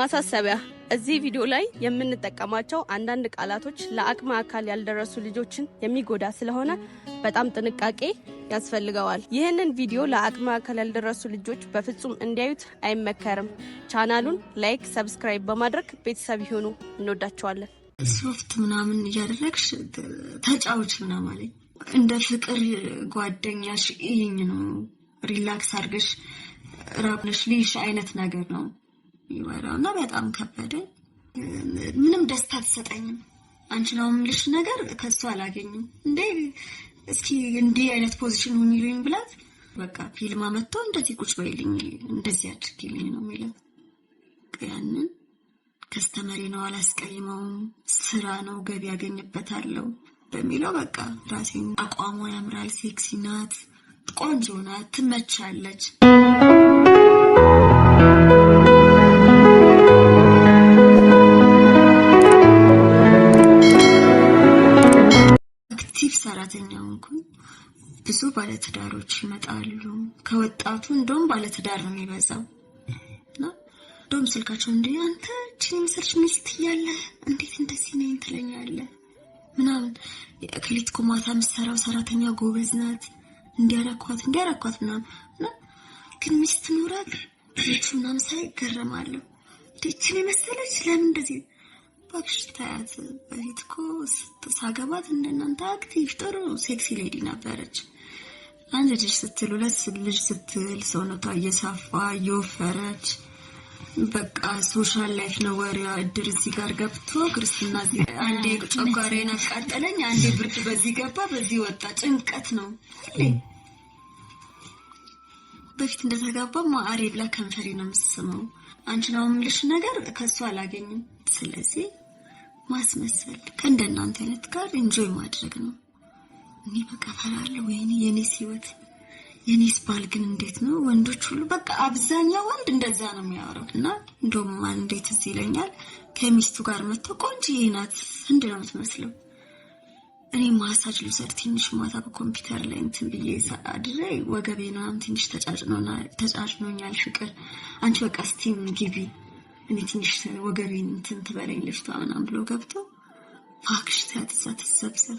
ማሳሰቢያ እዚህ ቪዲዮ ላይ የምንጠቀማቸው አንዳንድ ቃላቶች ለአቅመ አካል ያልደረሱ ልጆችን የሚጎዳ ስለሆነ በጣም ጥንቃቄ ያስፈልገዋል። ይህንን ቪዲዮ ለአቅመ አካል ያልደረሱ ልጆች በፍጹም እንዲያዩት አይመከርም። ቻናሉን ላይክ፣ ሰብስክራይብ በማድረግ ቤተሰብ ይሆኑ። እንወዳቸዋለን። ሶፍት ምናምን እያደረግሽ ተጫዎች ምናምን እንደ ፍቅር ጓደኛሽ ይህኝ ነው ሪላክስ አድርገሽ ራብነሽ ልይሽ አይነት ነገር ነው ይበላው እና በጣም ከበደ። ምንም ደስታ አትሰጠኝም። አንቺ ነው የምልሽ ነገር ከሱ አላገኝም። እንዴ እስኪ እንዲህ አይነት ፖዚሽን ይሉኝ ብላት በቃ ፊልም አመጥቶ እንደዚህ ቁጭ በይልኝ እንደዚህ አድርጊልኝ ነው የሚለው። ያንን ከስተመሪ ነው አላስቀይመውም፣ ስራ ነው ገቢ ያገኝበታለው በሚለው በቃ ራሴን አቋሟ ያምራል፣ ሴክሲ ናት፣ ቆንጆ ናት፣ ትመቻለች። ብዙ ባለትዳሮች ይመጣሉ። ከወጣቱ እንደውም ባለትዳር ነው የሚበዛው። እንደውም ስልካቸው እንዲ አንተ ችን ምስርች ሚስት እያለ እንዴት እንደዚህ ነኝ ትለኛለህ ምናምን የእክሊት ኩማታ ማታ የምትሰራው ሰራተኛ ጎበዝ ናት፣ እንዲያረኳት እንዲያረኳት ምናምን ግን ሚስት ኖራት ልጁ ምናምን ሳይ እገረማለሁ። ይችን የመሰለች ለምን እንደዚህ ባክሽ ታያት። በፊት እኮ ሳገባት እንደናንተ አክቲቭ ጥሩ ሴክሲ ሌዲ ነበረች። አንድ ልጅ ስትል ሁለት ልጅ ስትል ሰውነቷ እየሰፋ እየወፈረች በቃ ሶሻል ላይፍ ነው ወሬዋ። እድር እዚህ ጋር ገብቶ ክርስትና፣ አንዴ ጨጓራዬን አቃጠለኝ፣ አንዴ ብርድ፣ በዚህ ገባ በዚህ ወጣ። ጭንቀት ነው። በፊት እንደተጋባ ማአሬ ብላ ከንፈሬ ነው የምስመው። አንቺ ነው የምልሽ ነገር ከሱ አላገኝም። ስለዚህ ማስመሰል ከእንደናንተ አይነት ጋር ኢንጆይ ማድረግ ነው። እኔ በቃ ፈራለሁ። ወይኔ የኔስ ህይወት የኔስ ባል ግን እንዴት ነው? ወንዶች ሁሉ በቃ አብዛኛው ወንድ እንደዛ ነው የሚያወራው። እና እንደውም እንዴት እዚህ ይለኛል ከሚስቱ ጋር መጥቶ ቆንጆዬ ናት እንድ ነው የምትመስለው። እኔ ማሳጅ ልውሰድ ትንሽ ማታ በኮምፒውተር ላይ እንትን ብዬ አድሬ ወገቤናም ትንሽ ተጫጭኖኛል። ፍቅር አንቺ በቃ ስቲም ግቢ እኔ ትንሽ ወገቤን እንትን ትበለኝ ልፍቷ ምናምን ብሎ ገብቶ ፋክሽታ ትዛ ትሰብሰብ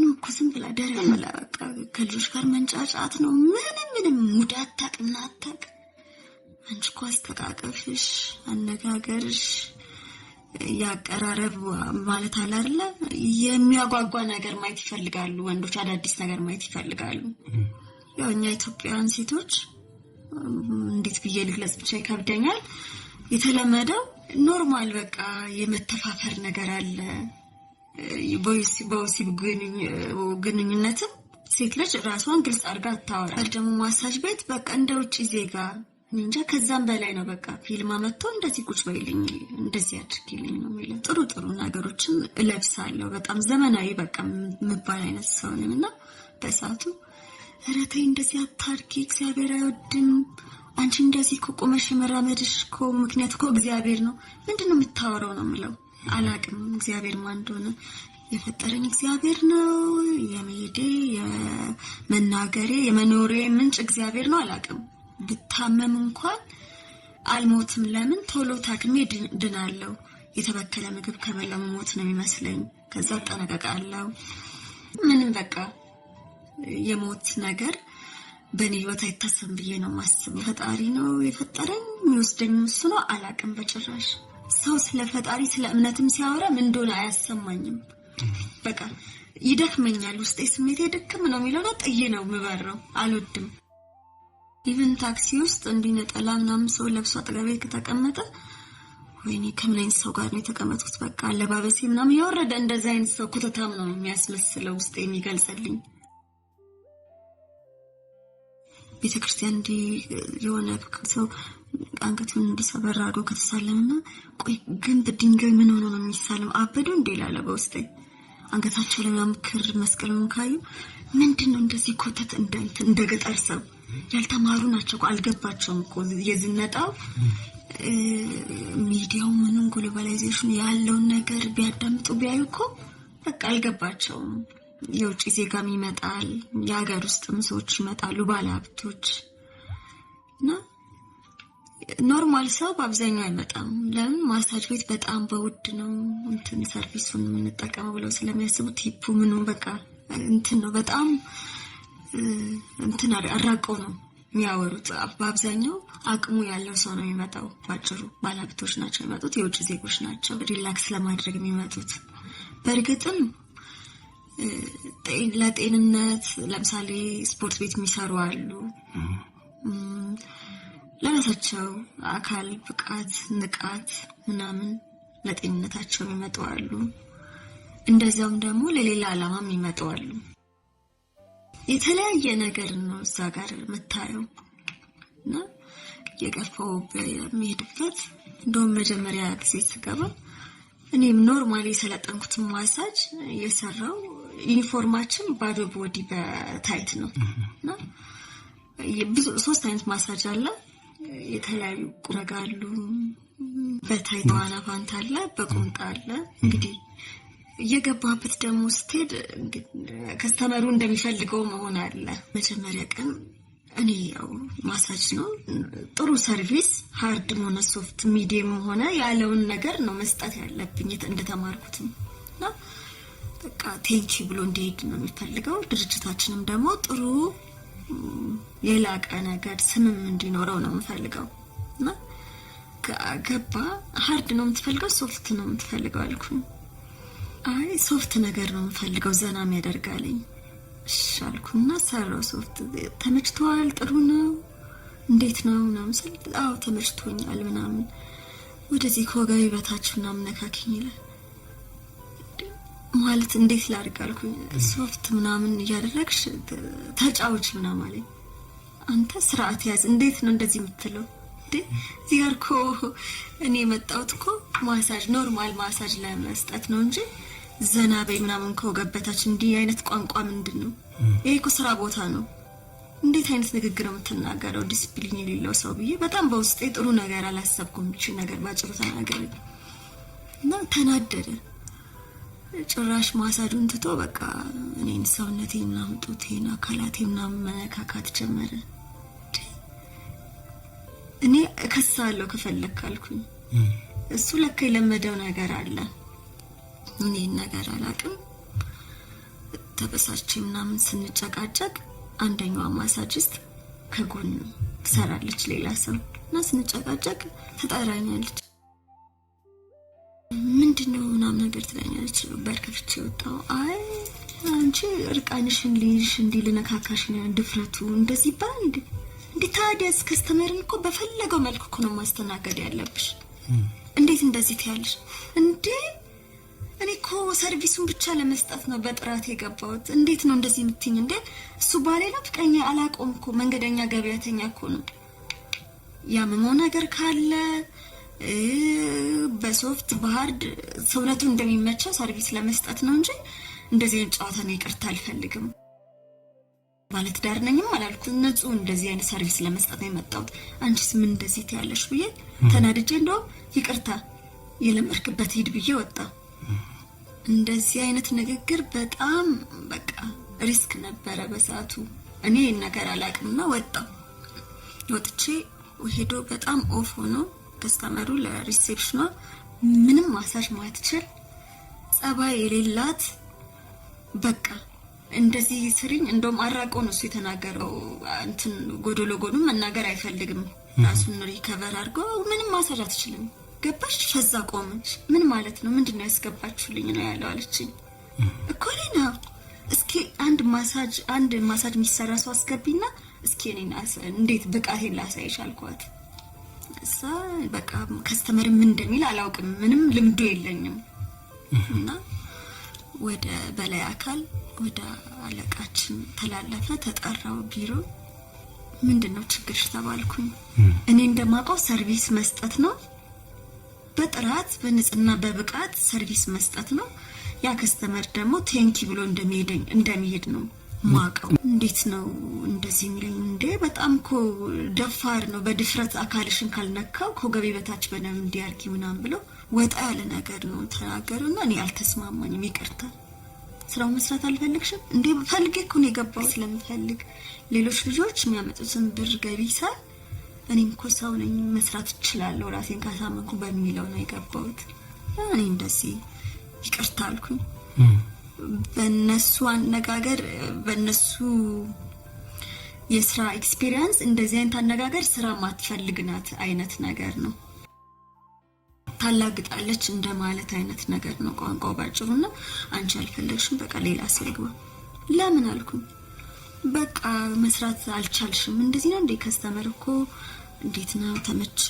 ኑ እኮ ዝም ብላ ደረ መላ በቃ ከልጆች ጋር መንጫጫት ነው። ምንም ምንም ሙድ አታውቅም እና አንቺ እኮ አስተቃቀፍሽ፣ አነጋገርሽ፣ ያቀራረብ ማለት አለ አይደለ የሚያጓጓ ነገር ማየት ይፈልጋሉ ወንዶች፣ አዳዲስ ነገር ማየት ይፈልጋሉ። ያው እኛ ኢትዮጵያውያን ሴቶች እንዴት ብዬ ልግለጽ ብቻ ይከብደኛል። የተለመደው ኖርማል በቃ የመተፋፈር ነገር አለ በወሲብ ግንኙነትም ሴት ልጅ ራሷን ግልጽ አድርጋ አታወራ። ደግሞ ማሳጅ ቤት በቃ እንደ ውጭ ዜጋ እንጃ ከዛም በላይ ነው። በቃ ፊልማ መጥቶ እንደዚህ ቁጭ በይልኝ እንደዚህ አድርጊልኝ ነው የሚለው። ጥሩ ጥሩ ነገሮችን እለብሳለሁ። በጣም ዘመናዊ በቃ የምባል አይነት ሰው ነኝ እና በሰዓቱ ኧረ ተይ እንደዚህ አታርጊ፣ እግዚአብሔር አይወድም። አንቺ እንደዚህ እኮ መራመድሽ እኮ ምክንያት እኮ እግዚአብሔር ነው። ምንድን ነው የምታወራው ነው የምለው አላቅም እግዚአብሔር ማን እንደሆነ የፈጠረኝ እግዚአብሔር ነው። የመሄዴ የመናገሬ የመኖሬ ምንጭ እግዚአብሔር ነው። አላቅም ብታመም እንኳን አልሞትም። ለምን ቶሎ ታክሜ ድናለው። የተበከለ ምግብ ከበላው ሞት ነው የሚመስለኝ። ከዛ እጠነቀቃለሁ። ምንም በቃ የሞት ነገር በእኔ ህይወት አይታሰብም ብዬ ነው ማስበው። ፈጣሪ ነው የፈጠረኝ፣ የሚወስደኝ እሱ ነው። አላቅም በጭራሽ ሰው ስለ ፈጣሪ ስለ እምነትም ሲያወራ ምን እንደሆነ አያሰማኝም። በቃ ይደክመኛል። ውስጤ ስሜቴ ድክም ነው የሚለውና ጥዬ ነው የምበረው። አልወድም። ኢቨን ታክሲ ውስጥ እንዲህ ነጠላ ምናምን ሰው ለብሶ አጠገቤ ከተቀመጠ ወይኔ ከምን አይነት ሰው ጋር ነው የተቀመጥኩት? በቃ አለባበሴ ምናምን የወረደ እንደዚህ አይነት ሰው ኩተታም ነው የሚያስመስለው ውስጤ የሚገልጽልኝ። ቤተክርስቲያን እንዲህ የሆነ ሰው አንገቱን ምን እንዲሰበር አድርጎ ከተሳለምና ቆይ ግንብ ድንጋይ ምን ሆኖ ነው የሚሳለም? አበዱ እንዴ ላለ በውስጤ አንገታቸው ላይ ምናምን ክር መስቀል ካዩ ምንድን ነው እንደዚህ ኮተት እንደ ገጠር ሰው ያልተማሩ ናቸው እኮ አልገባቸውም እኮ የዝነጣው ሚዲያው ምንም ግሎባላይዜሽን ያለውን ነገር ቢያዳምጡ ቢያዩ እኮ በቃ አልገባቸውም። የውጭ ዜጋም ይመጣል፣ የሀገር ውስጥም ሰዎች ይመጣሉ፣ ባለሀብቶች ኖርማል ሰው በአብዛኛው አይመጣም። ለምን ማሳጅ ቤት በጣም በውድ ነው እንትን ሰርቪሱን የምንጠቀመው ብለው ስለሚያስቡ ቲፑ ምኑ በቃ እንትን ነው በጣም እንትን አራቀው ነው የሚያወሩት። በአብዛኛው አቅሙ ያለው ሰው ነው የሚመጣው። ባጭሩ ባለሀብቶች ናቸው የሚመጡት፣ የውጭ ዜጎች ናቸው ሪላክስ ለማድረግ የሚመጡት። በእርግጥም ለጤንነት ለምሳሌ ስፖርት ቤት የሚሰሩ አሉ ለራሳቸው አካል ብቃት ንቃት ምናምን ለጤንነታቸው አሉ። እንደዚያውም ደግሞ ለሌላ ዓላማም አሉ። የተለያየ ነገር ነው እዛ ጋር የምታየው እና የገፋው የሚሄድበት እንደውም መጀመሪያ ጊዜ ስገባ እኔም ኖርማሊ የሰለጠንኩት ማሳጅ የሰራው ዩኒፎርማችን ባዶ ቦዲ በታይት ነው እና ሶስት አይነት ማሳጅ አለ። የተለያዩ ቁረጋ አሉ። በታይ በኋላ ባንት አለ፣ በቆንጣ አለ። እንግዲህ እየገባበት ደግሞ ስትሄድ ከስተመሩ እንደሚፈልገው መሆን አለ። መጀመሪያ ቀን እኔ ያው ማሳጅ ነው ጥሩ ሰርቪስ፣ ሀርድም ሆነ ሶፍት፣ ሚዲየም ሆነ ያለውን ነገር ነው መስጠት ያለብኝ እንደተማርኩትም እና በቃ ቴንኪ ብሎ እንዲሄድ ነው የሚፈልገው። ድርጅታችንም ደግሞ ጥሩ የላቀ ነገር ስምም እንዲኖረው ነው የምፈልገው። እና ገባ ሀርድ ነው የምትፈልገው ሶፍት ነው የምትፈልገው አልኩኝ። አይ ሶፍት ነገር ነው የምፈልገው ዘናም ያደርጋልኝ እሺ አልኩና ሰራው። ሶፍት ተመችቶዋል፣ ጥሩ ነው፣ እንዴት ነው ምናምን ስል አዎ ተመችቶኛል ምናምን ወደዚህ ከወገቤ በታች ምናምን ነካኪኝ ይላል። ማለት እንዴት ላድርግ አልኩኝ። ሶፍት ምናምን እያደረግሽ ተጫዎች ምናምን አለኝ። አንተ ስርዓት ያዝ፣ እንዴት ነው እንደዚህ የምትለው? እዚህ ጋር እኮ እኔ የመጣሁት እኮ ማሳጅ ኖርማል ማሳጅ ለመስጠት ነው እንጂ ዘና በይ ምናምን ከወገበታች እንዲህ አይነት ቋንቋ ምንድን ነው ይሄ? እኮ ስራ ቦታ ነው። እንዴት አይነት ንግግር ነው የምትናገረው? ዲስፕሊን የሌለው ሰው ብዬ በጣም በውስጤ ጥሩ ነገር አላሰብኩም። የሚችል ነገር ባጭሩ ተናገር እና ተናደደ። ጭራሽ ማሳጁን ትቶ በቃ እኔን ሰውነቴ ምናምን ጡቴን አካላቴ ምናምን መነካካት ጀመረ። እኔ እከሳለሁ ከፈለግ አልኩኝ። እሱ ለካ የለመደው ነገር አለ። እኔን ነገር አላቅም። ተበሳቼ ምናምን ስንጨቃጨቅ አንደኛዋ ማሳጅስት ከጎን ትሰራለች ሌላ ሰው እና ስንጨቃጨቅ ተጠራኛለች። ምንድን ነው ምናምን ነገር ትለኛለች። በር ከፍቼ ወጣሁ። አይ አንቺ እርቃንሽን ልይሽ እንዲ ልነካካሽ ድፍረቱ እንደዚህ ይባል እንዴ? እንዴ ታዲያ እስከስተመርን እኮ በፈለገው መልኩ እኮ ነው ማስተናገድ ያለብሽ። እንዴት እንደዚህ ትያለሽ እንዴ? እኔ እኮ ሰርቪሱን ብቻ ለመስጠት ነው በጥራት የገባሁት። እንዴት ነው እንደዚህ የምትይኝ እንዴ? እሱ ባሌ ነው፣ ፍቅረኛ አላቆም እኮ መንገደኛ ገበያተኛ እኮ ነው። ያመመው ነገር ካለ በሶፍት በሀርድ ሰውነቱ እንደሚመቸው ሰርቪስ ለመስጠት ነው እንጂ እንደዚህ አይነት ጨዋታ ነው ይቅርታ አልፈልግም። ባለትዳር ነኝም አላልኩት። ንጹህ እንደዚህ አይነት ሰርቪስ ለመስጠት ነው የመጣሁት። አንቺስ ምን እንደዚህ ትያለሽ ብዬ ተናድጄ እንደውም ይቅርታ የለመርክበት ሂድ ብዬ ወጣ። እንደዚህ አይነት ንግግር በጣም በቃ ሪስክ ነበረ በሰዓቱ። እኔ ነገር አላቅምና ወጣ ወጥቼ ሄዶ በጣም ኦፍ ሆኖ ከስተመሩ ለሪሴፕሽኗ ምንም ማሳጅ ማትችል ጸባይ የሌላት በቃ እንደዚህ ስሪኝ። እንደውም አራቆ ነው እሱ የተናገረው። እንትን ጎዶሎ ጎዶ መናገር አይፈልግም። ራሱን ሪከቨር አድርጎ ምንም ማሳጅ አትችልም። ገባሽ? ፈዛ ቆመች። ምን ማለት ነው? ምንድን ነው ያስገባችሁልኝ ነው ያለው አለችኝ። እኮ እኔ እስኪ አንድ ማሳጅ አንድ ማሳጅ የሚሰራ ሰው አስገቢና እስኪ እኔ እንዴት ብቃቴን ላሳይሽ አልኳት። እሷ በቃ ከስተመር ምን እንደሚል አላውቅም፣ ምንም ልምዱ የለኝም። እና ወደ በላይ አካል ወደ አለቃችን ተላለፈ፣ ተጠራው ቢሮ። ምንድን ነው ችግርሽ ተባልኩኝ። እኔ እንደማውቀው ሰርቪስ መስጠት ነው፣ በጥራት በንጽህና በብቃት ሰርቪስ መስጠት ነው። ያ ከስተመር ደግሞ ቴንኪ ብሎ እንደሚሄድ ነው ማቀው እንዴት ነው እንደዚህ የሚለኝ? እንዴ በጣም እኮ ደፋር ነው። በድፍረት አካልሽን ካልነካው ከወገቤ በታች በደንብ እንዲያርጊ ምናምን ብለው ወጣ ያለ ነገር ነው ተናገሩ እና እኔ አልተስማማኝም። ይቅርታ ስራው መስራት አልፈልግሽም። እንዴ ፈልጌ እኮ ነው የገባው ስለምፈልግ ሌሎች ልጆች የሚያመጡትን ብር ገቢ ሳል እኔም እኮ ሰው ነኝ መስራት እችላለሁ ራሴን ካሳመንኩ በሚለው ነው የገባሁት። እኔ እንደዚህ ይቅርታ አልኩኝ። በነሱ አነጋገር በነሱ የስራ ኤክስፒሪየንስ እንደዚህ አይነት አነጋገር ስራ ማትፈልግ ናት አይነት ነገር ነው። ታላግጣለች እንደማለት አይነት ነገር ነው ቋንቋው ባጭሩ። እና አንቺ አልፈለግሽም፣ በቃ ሌላ ሰው ይግባ። ለምን አልኩኝ። በቃ መስራት አልቻልሽም። እንደዚህ ነው እንዴ? ከስተመር እኮ እንዴት ነው ተመቸ፣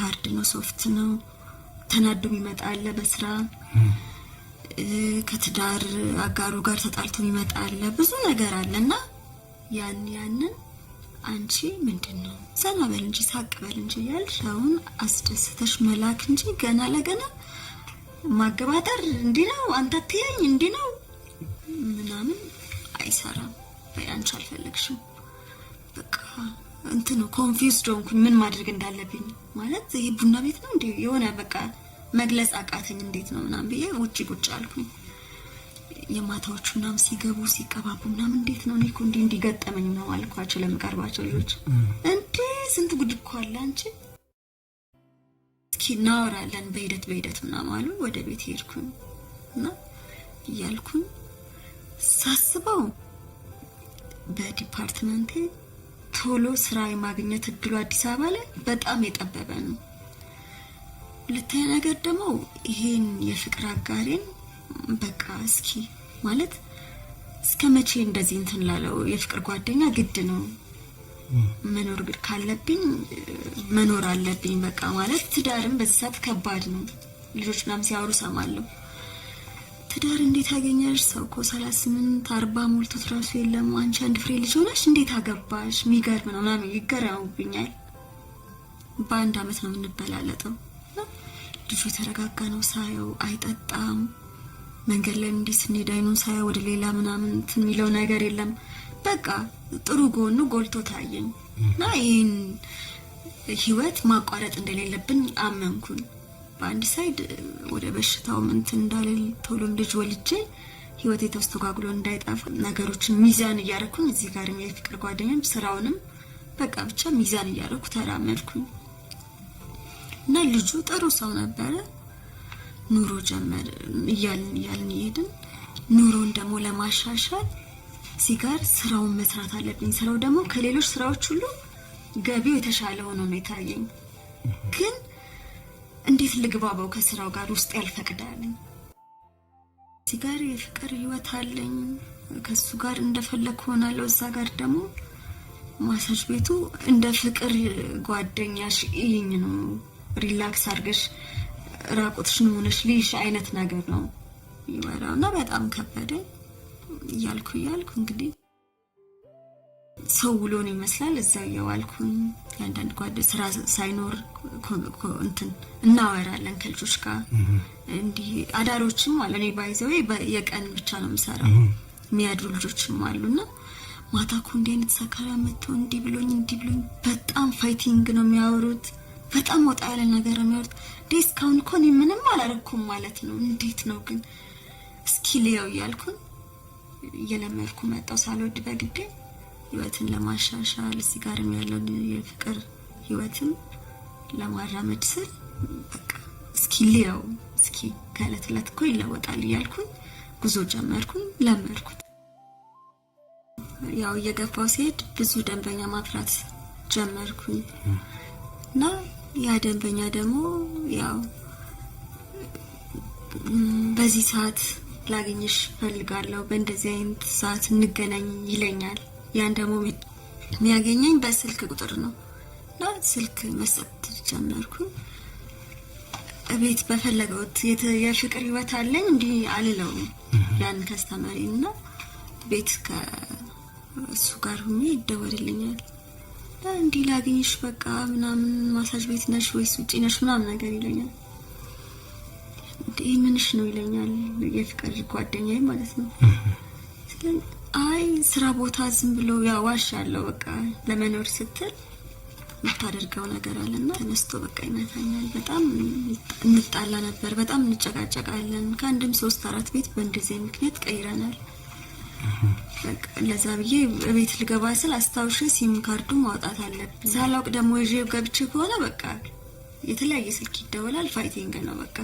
ሀርድ ነው ሶፍት ነው፣ ተናዱም ይመጣል በስራ ከትዳር አጋሩ ጋር ተጣልቶ ይመጣል። ብዙ ነገር አለ እና ያን ያንን አንቺ ምንድን ነው ዘና በል እንጂ ሳቅ በል እንጂ እያልሽ አሁን አስደስተሽ መላክ እንጂ ገና ለገና ማገባጠር እንዲህ ነው አንተ አትየኝ እንዲህ ነው ምናምን አይሰራም። በይ አንቺ አልፈለግሽም። በቃ እንትን ነው ሆንኩኝ ምን ማድረግ እንዳለብኝ ማለት ይሄ ቡና ቤት ነው እንዲ የሆነ በቃ መግለጽ አቃተኝ። እንዴት ነው ምናምን ብዬ ውጭ ቁጭ አልኩኝ። የማታዎቹ ምናምን ሲገቡ ሲቀባቡ ምናምን እንዴት ነው እኔ እንዲህ እንዲገጠመኝ ነው አልኳቸው። ለምቀርባቸው ልጆች እንዴ ስንት ጉድ እኮ አለ አንቺ እስኪ እናወራለን በሂደት በሂደት ምናምን አሉ። ወደ ቤት ሄድኩኝ እና እያልኩኝ ሳስበው በዲፓርትመንቴ ቶሎ ስራ የማግኘት እድሉ አዲስ አበባ ላይ በጣም የጠበበ ነው። ሁለተኛ ነገር ደግሞ ይሄን የፍቅር አጋሬን በቃ እስኪ ማለት እስከ መቼ እንደዚህ እንትን ላለው የፍቅር ጓደኛ ግድ ነው መኖር ካለብኝ መኖር አለብኝ። በቃ ማለት ትዳርም በዚህ ሰዓት ከባድ ነው። ልጆች ናም ሲያወሩ ሰማለሁ። ትዳር እንዴት አገኘሽ? ሰው እኮ ሰላሳ ስምንት አርባ ሞልቶት ራሱ የለም። አንቺ አንድ ፍሬ ልጅ ሆነሽ እንዴት አገባሽ? የሚገርም ነው ምናምን ይገረሙብኛል። በአንድ አመት ነው የምንበላለጠው። ልጁ የተረጋጋ ነው ሳየው፣ አይጠጣም። መንገድ ላይ እንዲህ ስንሄድ አይኑን ሳየው ወደ ሌላ ምናምን የሚለው ነገር የለም። በቃ ጥሩ ጎኑ ጎልቶ ታየኝ እና ይህን ህይወት ማቋረጥ እንደሌለብን አመንኩን። በአንድ ሳይድ ወደ በሽታው እንትን እንዳልል ቶሎ ልጅ ወልጄ ህይወቴ ተስተጓጉሎ እንዳይጠፋ ነገሮችን ሚዛን እያደረኩኝ እዚህ ጋር የፍቅር ጓደኛም ስራውንም በቃ ብቻ ሚዛን እያደረኩ ተራመድኩኝ። እና ልጁ ጥሩ ሰው ነበረ። ኑሮ ጀመር እያልን እያልን ይሄድን ኑሮን ደግሞ ለማሻሻል ሲጋር ስራውን መስራት አለብኝ። ስራው ደግሞ ከሌሎች ስራዎች ሁሉ ገቢው የተሻለ ሆኖ ነው የታየኝ። ግን እንዴት ልግባባው ከስራው ጋር ውስጥ ያልፈቅዳለኝ። ሲጋር የፍቅር ህይወት አለኝ። ከሱ ጋር እንደፈለግ ሆናለሁ። እዛ ጋር ደግሞ ማሳጅ ቤቱ እንደ ፍቅር ጓደኛሽ ይኝ ነው ሪላክስ አድርገሽ ራቁትሽን ሆነሽ ልይሽ አይነት ነገር ነው ይወራው እና በጣም ከበደ እያልኩ እያልኩ እንግዲህ ሰው ውሎን ይመስላል እዛ እየዋልኩኝ የአንዳንድ ጓደ ስራ ሳይኖር እንትን እናወራለን ከልጆች ጋር እንዲህ አዳሮችም አለ። እኔ ባይዘው የቀን ብቻ ነው የምሰራው። የሚያድሩ ልጆችም አሉና ማታ እኮ እንዲህ አይነት ሰካራ መጥቶ እንዲህ ብሎኝ እንዲህ ብሎኝ በጣም ፋይቲንግ ነው የሚያወሩት። በጣም ወጣ ያለ ነገር የሚወርድ ዲስካውንት እስካሁን እኮ እኔ ምንም አላረኩም ማለት ነው። እንዴት ነው ግን እስኪ ልየው እያልኩን እየለመድኩ መጣው ሳልወድ በግዴ ህይወትን ለማሻሻል እዚህ ጋርም ያለውን የፍቅር ህይወትን ለማራመድ ስል በቃ እስኪ ልየው እስኪ ከእለት እለት እኮ ይለወጣል እያልኩኝ ጉዞ ጀመርኩኝ፣ ለመድኩት። ያው የገፋው ሲሄድ ብዙ ደንበኛ ማፍራት ጀመርኩኝ እና ያ ደንበኛ ደግሞ ያው በዚህ ሰዓት ላገኝሽ ፈልጋለሁ፣ በእንደዚህ አይነት ሰዓት እንገናኝ ይለኛል። ያን ደግሞ የሚያገኘኝ በስልክ ቁጥር ነው እና ስልክ መስጠት ጀመርኩ። እቤት በፈለገውት የፍቅር ህይወት አለኝ እንዲህ አልለውም ያን ከስተመሪ እና ቤት ከእሱ ጋር ሁኜ ይደወልልኛል። እንዲህ ላገኝሽ በቃ ምናምን ማሳጅ ቤት ነሽ ወይስ ውጪ ነሽ ምናምን ነገር ይለኛል። ይህ ምንሽ ነው ይለኛል። የፍቅር ጓደኛዬ ማለት ነው። አይ ስራ ቦታ ዝም ብሎ ያዋሽ አለው በቃ ለመኖር ስትል የምታደርገው ነገር አለና ተነስቶ በቃ ይመታኛል። በጣም እንጣላ ነበር፣ በጣም እንጨቃጨቃለን። ከአንድም ሶስት አራት ቤት በእንደዚህ ምክንያት ቀይረናል። ለዛ ብዬ ቤት ልገባ ስል አስታውሽ ሲም ካርዱ ማውጣት አለብን። ሳላውቅ ደግሞ ይዤ ገብቼ ከሆነ በቃ የተለያየ ስልክ ይደወላል። ፋይቲንግ ነው በቃ።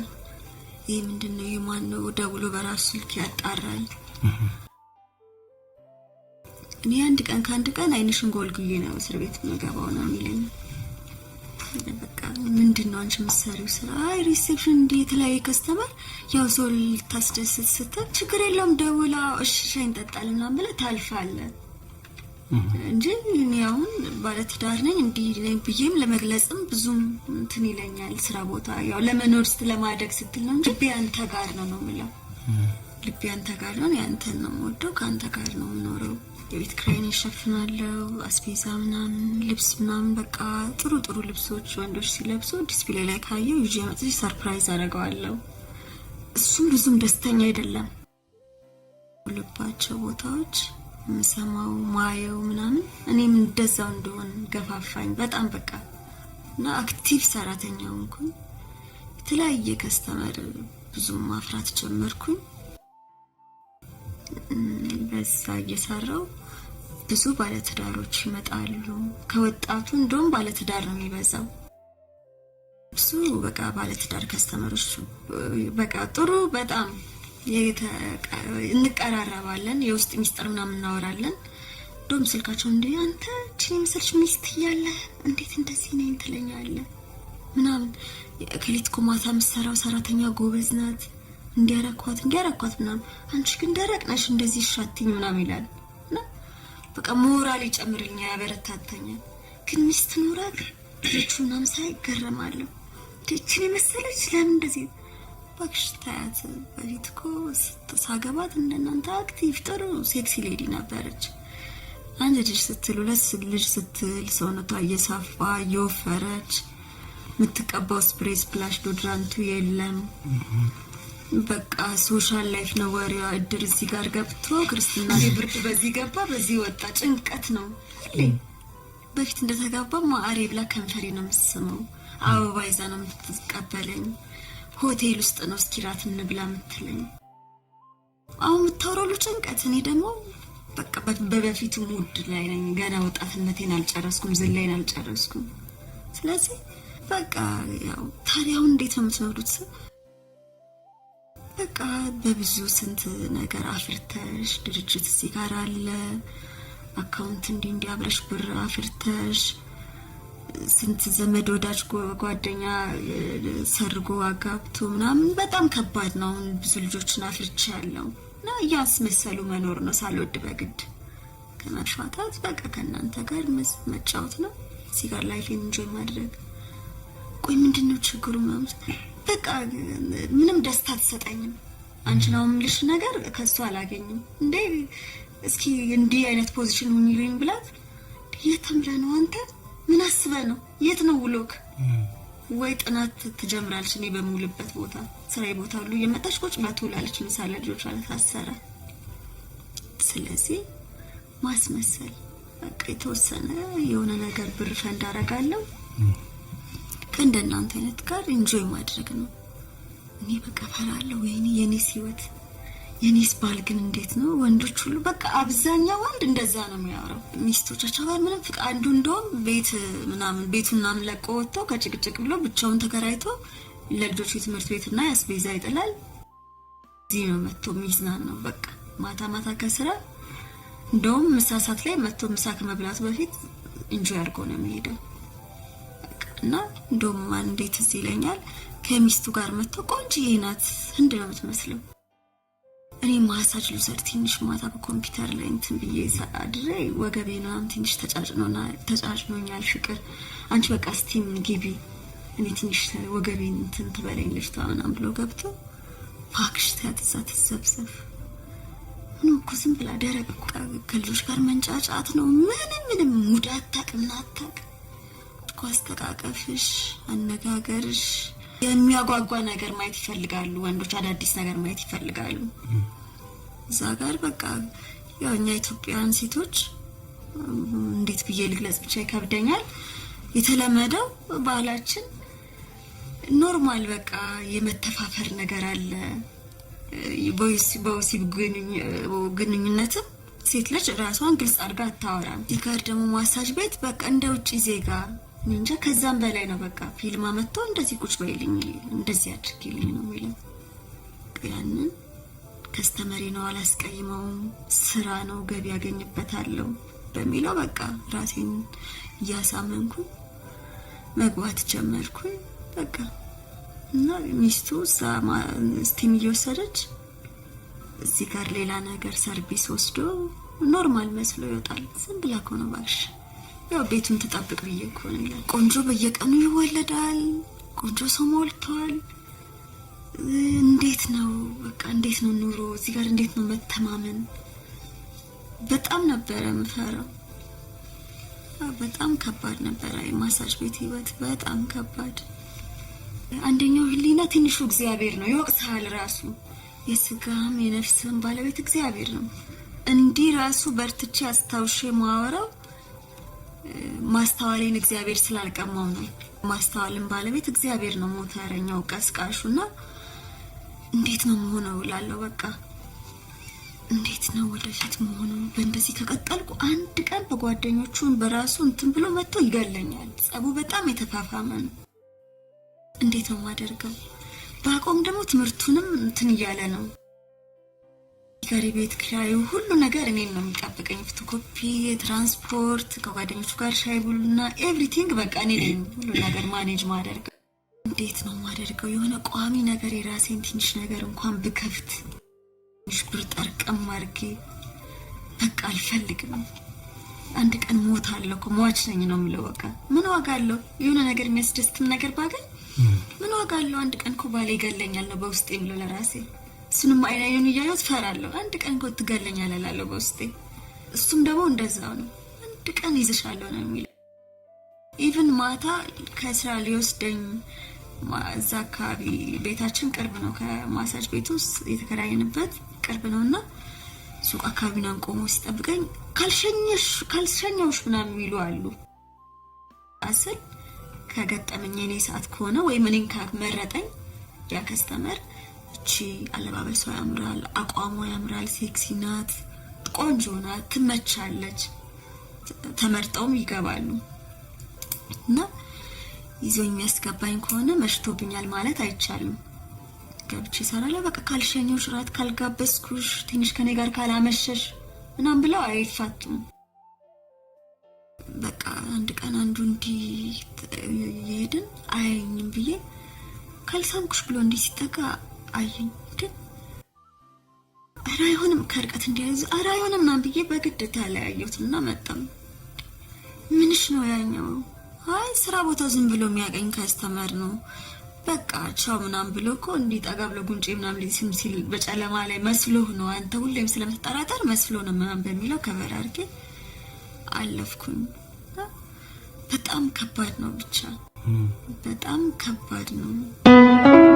ይህ ምንድን ነው? የማን ነው? ደውሎ በራሱ ስልክ ያጣራል። እኔ አንድ ቀን ከአንድ ቀን አይንሽን ጎልጉዬ ነው እስር ቤት የምገባው ነው የሚለኝ በቃ ምንድን ነው አንቺ የምትሰሪው ስራ? አይ ሪሴፕሽን እንዲ የተለያየ ከስተመር ያው ሰው ልታስደስት ስትል ችግር የለውም ደውላ እሺ ሻይ እንጠጣል ምናምን ብለህ ታልፋለህ እንጂ እኔ አሁን ባለትዳር ነኝ እንዲህ ነኝ ብዬም ለመግለጽም ብዙም እንትን ይለኛል። ስራ ቦታ ያው ለመኖር ስትል ለማደግ ስትል ነው እንጂ አንተ ጋር ነው ነው የምለው። ልቤ አንተ ጋር ነው። ያንተን ነው የምወደው። ከአንተ ጋር ነው የምኖረው የቤት ክራይን ይሸፍናለው፣ አስቤዛ ምናምን፣ ልብስ ምናምን በቃ ጥሩ ጥሩ ልብሶች ወንዶች ሲለብሱ ዲስፕሌ ላይ ካየው ይዤ መጥቼ ሰርፕራይዝ አደርገዋለሁ። እሱም ብዙም ደስተኛ አይደለም። ልባቸው ቦታዎች የምሰማው ማየው ምናምን እኔም እንደዛው እንደሆን ገፋፋኝ በጣም በቃ እና አክቲቭ ሰራተኛው እንኩኝ የተለያየ ከስተመር ብዙ ማፍራት ጀመርኩኝ። እንደዛ እየሰራው ብዙ ባለትዳሮች ይመጣሉ። ከወጣቱ እንደውም ባለትዳር ነው የሚበዛው። ብዙ በቃ ባለትዳር ከስተመሮች በቃ ጥሩ በጣም እንቀራረባለን። የውስጥ ሚስጥር ምናምን እናወራለን። እንደውም ስልካቸው እንዲ አንተ ችን የምስልሽ ሚስት እያለ እንዴት እንደዚህ ነኝ ትለኛለህ ምናምን ከሌት ኮማታ የምትሰራው ሰራተኛ ጎበዝ ናት እንዲያረኳት እንዲያረኳት ምናምን አንቺ ግን ደረቅ ነሽ እንደዚህ ሻትኝ ምናምን ይላል በቃ ሞራል ይጨምርልኛል፣ ያበረታተኛል። ግን ሚስት ኖራ ልጁ ምናምን ሳይ ይገረማለሁ። ልጅን የመሰለች ለምን እንደዚህ እባክሽ ታያት። በፊት እኮ ሳገባት እንደናንተ አክቲቭ ጥሩ ሴክሲ ሌዲ ነበረች። አንድ ልጅ ስትል ሁለት ልጅ ስትል ሰውነቷ እየሰፋ እየወፈረች የምትቀባው ስፕሬስ ስፕላሽ ዶድራንቱ የለም በቃ ሶሻል ላይፍ ነው ወሬዋ። እድር እዚህ ጋር ገብቶ ክርስትና ብርድ በዚህ ገባ በዚህ ወጣ፣ ጭንቀት ነው። በፊት እንደተጋባ ማአሬ ብላ ከንፈሬ ነው የምትስመው። አበባ ይዛ ነው የምትቀበለኝ። ሆቴል ውስጥ ነው እስኪራት ራት እንብላ የምትለኝ። አሁን የምታወራሉ ጭንቀት። እኔ ደግሞ በቃ በበፊቱ ሙድ ላይ ነኝ። ገና ወጣትነቴን አልጨረስኩም፣ ዝላይን አልጨረስኩም። ስለዚህ በቃ ያው ታዲያ አሁን እንዴት ነው የምትኖሩት? በቃ በብዙ ስንት ነገር አፍርተሽ ድርጅት እዚህ ጋር አለ አካውንት እንዲ እንዲያብረሽ ብር አፍርተሽ ስንት ዘመድ ወዳጅ ጓደኛ ሰርጎ አጋብቶ ምናምን በጣም ከባድ ነው። አሁን ብዙ ልጆችን አፍርቼ ያለው እና እያስመሰሉ መኖር ነው ሳልወድ በግድ ከመፋታት በቃ ከእናንተ ጋር መጫወት ነው። እዚህ ጋር ላይፍ ኢንጆይ ማድረግ። ቆይ ምንድን ነው ችግሩ? በቃ ምንም ደስታ አትሰጠኝም። አንቺ ነው የምልሽ ነገር ከሱ አላገኝም እንዴ እስኪ እንዲህ አይነት ፖዚሽን የሚሉኝ ብላት፣ የት ተምረህ ነው አንተ? ምን አስበህ ነው? የት ነው ውሎክ? ወይ ጥናት ትጀምራለች። እኔ በምውልበት ቦታ ስራዬ ቦታ ሁሉ እየመጣች ቁጭ ብላ ትውላለች። ምሳሌ አለ ስለዚህ ማስመሰል በቃ የተወሰነ የሆነ ነገር ብር ፈንድ አደርጋለሁ እናንተ አይነት ጋር ኢንጆይ ማድረግ ነው። እኔ በቃ ፈራለሁ። ወይኔ የኔስ ህይወት የኔስ ባል ግን እንዴት ነው? ወንዶች ሁሉ በቃ አብዛኛው ወንድ እንደዛ ነው የሚያወራው። ሚስቶቻቸው ጋር ምንም ፍቃ አንዱ እንደውም ቤት ምናምን ቤቱ ምናምን ለቆ ወጥቶ ከጭቅጭቅ ብሎ ብቻውን ተከራይቶ ለልጆቹ የትምህርት ቤትና ያስቤዛ ይጥላል። እዚህ ነው መጥቶ ሚዝናን ነው በቃ ማታ ማታ ከስራ እንደውም ምሳ ሰዓት ላይ መጥቶ ምሳ ከመብላቱ በፊት እንጆ ያድርገው ነው የሚሄደው። እና እንደውም እንዴት እዚህ ይለኛል ከሚስቱ ጋር መጥቶ ቆንጆዬ ናት ህንድ ነው የምትመስለው። እኔ ማሳጅ ልውሰድ ትንሽ ማታ በኮምፒውተር ላይ እንትን ብዬ አድሬ ወገቤና ትንሽ ተጫጭኖና ተጫጭኖኛል። ፍቅር አንቺ በቃ ስቲም ግቢ እኔ ትንሽ ወገቤ እንትን ትበለኝ ልጅቷ ምናምን ብሎ ገብቶ ፋክሽ ተያትዛ ትሰብሰብ ምን እኮ ዝም ብላ ደረቅ ከልጆች ጋር መንጫጫት ነው። ምንም ምንም ሙድ አታውቅም፣ ምን እኮ አስተቃቀፍሽ፣ አነጋገርሽ የሚያጓጓ ነገር ማየት ይፈልጋሉ ወንዶች፣ አዳዲስ ነገር ማየት ይፈልጋሉ። እዛ ጋር በቃ ያው እኛ ኢትዮጵያውያን ሴቶች እንዴት ብዬ ልግለጽ ብቻ ይከብደኛል። የተለመደው ባህላችን ኖርማል በቃ የመተፋፈር ነገር አለ። በወሲብ ግንኙነትም ሴት ልጅ ራሷን ግልጽ አድርጋ አታወራም። ሲጋር ደግሞ ማሳጅ ቤት በቃ እንደ ውጭ ዜጋ እንጃ ከዛም በላይ ነው። በቃ ፊልም አመጣው እንደዚህ ቁጭ በይልኝ እንደዚህ አድርጊልኝ ነው የሚለው። ያንን ከስተመሪ ነው አላስቀይመውም፣ ስራ ነው ገቢ ያገኝበታለሁ በሚለው በቃ ራሴን እያሳመንኩ መግባት ጀመርኩኝ። በቃ እና ሚስቱ ስቲም እየወሰደች እዚህ ጋር ሌላ ነገር ሰርቪስ ወስዶ ኖርማል መስሎ ይወጣል። ዝም ብላ ነው እባክሽ ያው ቤቱን ትጠብቅ ብዬ እኮ ነው። ቆንጆ በየቀኑ ይወለዳል። ቆንጆ ሰው ሞልተዋል። እንዴት ነው በቃ እንዴት ነው ኑሮ እዚህ ጋር እንዴት ነው መተማመን? በጣም ነበረ የምፈራው። በጣም ከባድ ነበረ የማሳጅ ቤት ህይወት፣ በጣም ከባድ። አንደኛው ህሊና ትንሹ እግዚአብሔር ነው ይወቅሳል። ራሱ የስጋም የነፍስም ባለቤት እግዚአብሔር ነው። እንዲህ ራሱ በርትቼ አስታውሼ ማወራው ማስተዋሌን እግዚአብሔር ስላልቀማው ነው። ማስተዋልን ባለቤት እግዚአብሔር ነው። ሞተረኛው ያረኛው ቀስቃሹ እና እንዴት ነው መሆነው ላለው በቃ እንዴት ነው ወደፊት መሆነው? በእንደዚህ ከቀጠልኩ አንድ ቀን በጓደኞቹን በራሱ እንትን ብሎ መጥቶ ይገለኛል። ጸቡ በጣም የተፋፋመ ነው። እንዴት ነው ማደርገው? በአቆም ደግሞ ትምህርቱንም እንትን እያለ ነው የጋሪ ቤት ክራዩ ሁሉ ነገር እኔን ነው የሚጠብቀኝ። ፎቶኮፒ፣ ትራንስፖርት፣ ከጓደኞቹ ጋር ሻይ ቡና፣ ኤቭሪቲንግ በቃ እኔ ነኝ ሁሉ ነገር ማኔጅ ማደርገው። እንዴት ነው ማደርገው? የሆነ ቋሚ ነገር የራሴን ትንሽ ነገር እንኳን ብከፍት ትንሽ ብር ጠርቀም አድርጌ በቃ አልፈልግም። አንድ ቀን ሞት እኮ ሟች ነኝ ነው የምለው። በቃ ምን ዋጋ አለው? የሆነ ነገር የሚያስደስትም ነገር ባገኝ ምን ዋጋ አለው? አንድ ቀን እኮ ባሌ ይገለኛል ነው በውስጥ የምለው ለራሴ እሱንም አይናየን እያየው ትፈራለሁ። አንድ ቀን እኮ ትገለኛለህ እላለሁ በውስጤ። እሱም ደግሞ እንደዛው ነው። አንድ ቀን ይዝሻለሁ ነው የሚለው። ኢቭን ማታ ከስራ ሊወስደኝ እዛ አካባቢ ቤታችን ቅርብ ነው፣ ከማሳጅ ቤት ውስጥ የተከራየንበት ቅርብ ነው እና ሱቅ አካባቢ ምናምን ቆሞ ሲጠብቀኝ ካልሸኛውሽ ምናምን የሚሉ አሉ። አስል ከገጠመኝ የኔ ሰዓት ከሆነ ወይም እኔን ከመረጠኝ ያ ከስተመር እቺ አለባበሷ ያምራል፣ አቋሟ ያምራል፣ ሴክሲ ናት፣ ቆንጆ ናት፣ ትመቻለች። ተመርጠውም ይገባሉ እና ይዞ የሚያስገባኝ ከሆነ መሽቶብኛል ማለት አይቻልም። ገብቼ እሰራለሁ። በቃ ካልሸኘሁሽ፣ ራት ካልጋበዝኩሽ፣ ትንሽ ከኔ ጋር ካላመሸሽ ምናምን ብለው አይፋቱም። በቃ አንድ ቀን አንዱ እንዲህ የሄድን አያየኝም ብዬ ካልሳምኩሽ ብሎ እንዲህ ሲጠጋ አየኝ። ግን ኧረ አይሆንም ከርቀት እንዲያይዝ ኧረ አይሆንም ምናምን ብዬ በግድ ተለያየሁት እና መጣም። ምንሽ ነው ያኛው? አይ ስራ ቦታ ዝም ብሎ የሚያገኝ ከስተመር ነው በቃ ቻው ምናምን ብሎ እኮ እንዲህ ጠጋ ብሎ ጉንጬ ምናምን ስም ሲል በጨለማ ላይ መስሎህ ነው አንተ ሁሌም ስለምትጠራጠር መስሎ ነው ምናምን በሚለው ከበር አድርጌ አለፍኩኝ። በጣም ከባድ ነው ብቻ በጣም ከባድ ነው።